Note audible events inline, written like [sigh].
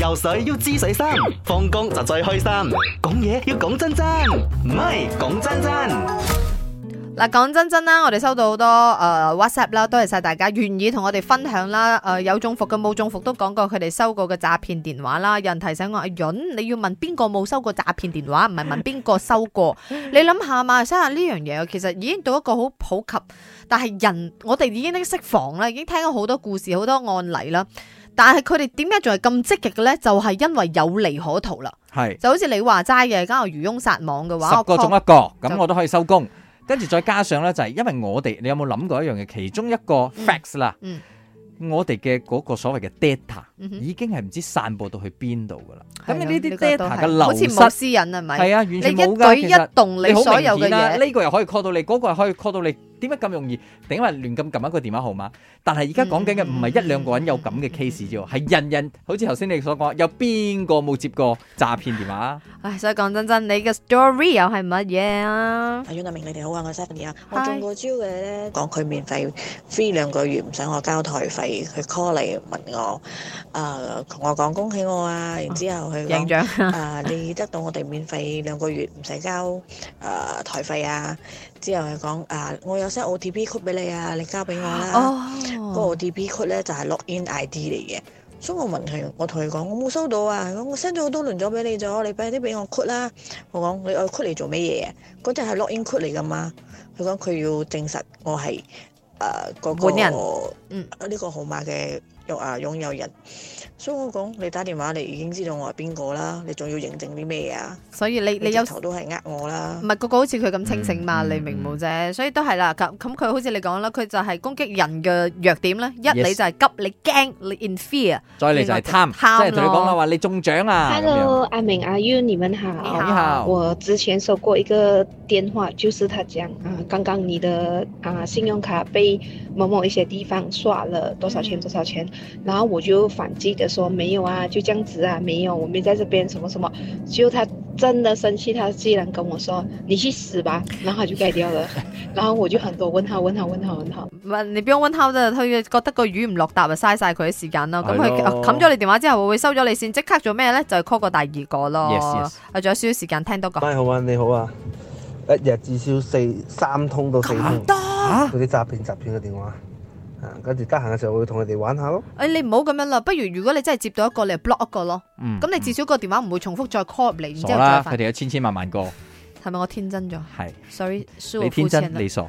游水要知水心，放工就最開心。講嘢要講真真，唔係講真真。嗱，講真真啦，我哋收到好多誒、呃、WhatsApp 啦，多謝晒大家願意同我哋分享啦。誒、呃，有中伏嘅冇中伏都講過佢哋收過嘅詐騙電話啦。有人提醒我阿潤、啊，你要問邊個冇收過詐騙電話，唔係問邊個收過。 [laughs] 你諗下啊，諗下呢樣嘢，其實已經到一個好普及，但係人我哋已經識防啦，已經聽過好多故事，好多案例啦。但係佢哋點解仲係咁積極嘅咧？就係因為有利可圖啦。係就好似你話齋嘅，咁我漁翁撒網嘅話，十個中一個，咁我都可以收工。跟住再加上咧，就係因為我哋，你有冇諗過一樣嘢？其中一個 facts 啦，我哋嘅嗰個所謂嘅 data 已經係唔知散播到去邊度噶啦。咁你呢啲 data 嘅流失，好似冇私隱係咪？係啊，完全冇噶。其實你好明顯啦，呢個又可以 call 到你，嗰個又可以 call 到你。點解咁容易？定因為亂咁撳一個電話號碼？但係而家講緊嘅唔係一兩個人有咁嘅 case 啫。喎係人人，好似頭先你所講，有邊個冇接過詐騙電話？唉，所以講真真，你嘅 story 又係乜嘢啊？阿袁立明，你哋好啊，我 Stephanie 啊，我中過招嘅咧，講佢免費 free 兩個月，唔使我交台費，佢 call 嚟問我，誒、呃、同我講恭喜我啊，然之後佢講、oh, 呃、你得到我哋免費兩個月唔使交誒、呃、台費啊，之後佢講誒我有 set OTP code 俾你啊，你交俾我啦、啊，嗰個 OTP code 咧就係、是、log in ID 嚟嘅。所以我問佢，我同佢講，我冇收到啊！我 send 咗好多輪咗俾你咗，你俾啲俾我 cut 啦。我講你愛 cut 嚟做乜嘢啊？嗰只係 lock in cut 嚟噶嘛？佢講佢要證實我係。誒、呃、嗰、那個人嗯呢、這個號碼嘅擁啊擁有人，所以我講你打電話你已經知道我係邊個啦，你仲要認證啲咩啊？所以你你有頭都係呃我啦。唔係個個好似佢咁清醒嘛、嗯？你明冇啫、嗯嗯？所以都係啦。咁佢好似你講啦，佢就係攻擊人嘅弱點啦。一你就係急，你驚你 in fear，再嚟就係貪，就貪，貪即係同你講啦，話、哦、你中獎啊！Hello，阿明，阿 I m mean, 你問下，你好。Hello. 我之前收過一個電話，就是他講啊，剛剛你的啊信用卡被。某某一些地方刷了多少錢？多少錢？然後我就反擊的說沒有啊，就這樣子啊，沒有，我沒在這邊什麼什麼。就他真的生氣，他竟然跟我說你去死吧，然後他就掛掉了。 [laughs] 然後我就很多問號，問號，問號，問號，問你不用問號啦，佢覺得個魚唔落答啊，嘥晒佢嘅時間咯。咁佢冚咗你電話之後我會收咗你線即刻做咩咧？就是、call 個第二個咯。啊，仲有少少時間，聽到個。喂，好啊，你好啊，一日至少四三通到四通。啊嗰啲詐騙詐騙嘅電話，啊，跟住得閒嘅時候會同佢哋玩下咯。哎，你唔好咁樣啦，不如如果你真係接到一個，你就 block 一個咯。嗯，咁你至少個電話唔會重複再 call 嚟，然之後再啦，佢哋有千千萬萬個。係 [laughs] 咪我天真咗？係，sorry，sorry。你天真，你傻。